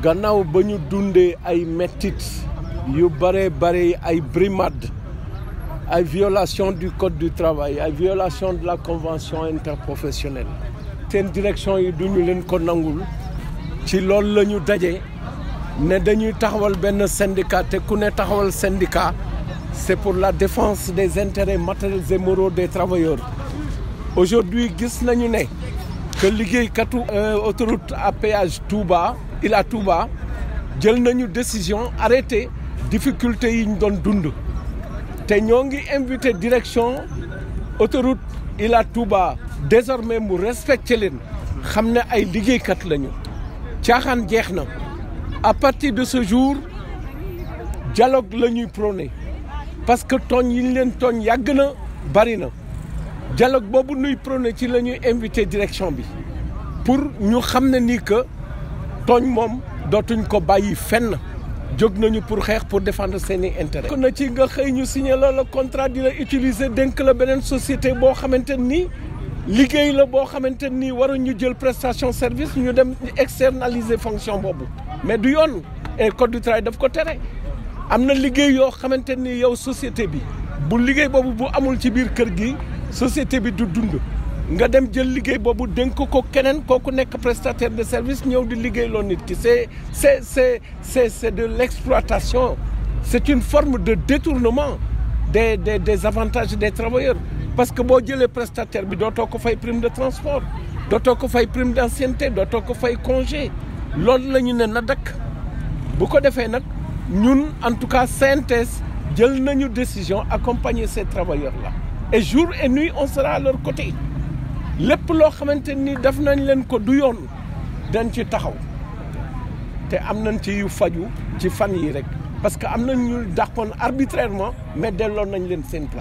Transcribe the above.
gannaaw ba ñu dundee ay mettit yu bare bare ay brimade ay violation du code du travail ay violation de la convention interprofessionnelle seen direction yi duñu leen ko nangul ci loolu la ñu daje ne dañuy taxawal benn syndicat te ku taxawal syndicat c'est pour la défense des intérêts matériels et moraux des travailleurs aujourd'hui gis nañu ne que liggéeykatu euh, autoroute à péage Touba il a tout Touba jël nañu décision arrêté difficulté yi ñu doon dund te ñoo ngi invité direction autoroute tout Touba désormais mu respecté leen xam ne ay liggéeykat lañu caaxaan jeex na à partir de ce jour dialogue la ñuy prôné parce que tooñ yi ñu leen tooñ yàgg dialogue boobu nuy prôné ci la ñuy invité direction bi pour ñu xam ne ni que tooñ moom dootuñ ko bayyi fenn jóg nañu pour xeex pour défendre seeni intérêt kon na ci nga xëy ñu signé le contrat di la utiliser dénk la beneen société boo xamante nii liggéey la boo xamante waruñu jël prestation service ñu dem externaliser fonction boobu mais du yoon et code du travail daf ko tere am na liggéey yoo xamante ni yow société bi bu liggéey boobu bu amul ci biir kër gi société bi du dund nga dem jël liggéey boobu dénk ko keneen kooku prestataire de service ñëw di liggéey loo nit c'est c'est c'est c'est de l'exploitation c'est une forme de détournement des des des avantages des travailleurs parce que boo jëlee prestataire bi dootoo ko fay prime de transport doivent ko fay prime d'ancienneté dootoo ko fay congé loolu la ñu ne na dakk bu ko defee nag ñun en tout cas CNTS jël nañu décision accompagner ces travailleurs là et jour et nuit on sera à leur côté lépp loo xamante ni def nañ leen ko du yoon dañ ci taxaw te am nañ ci yu faju ci fan yi rek parce que am nañ ñu dàqoon arbitrairement mais delloon nañ leen seen place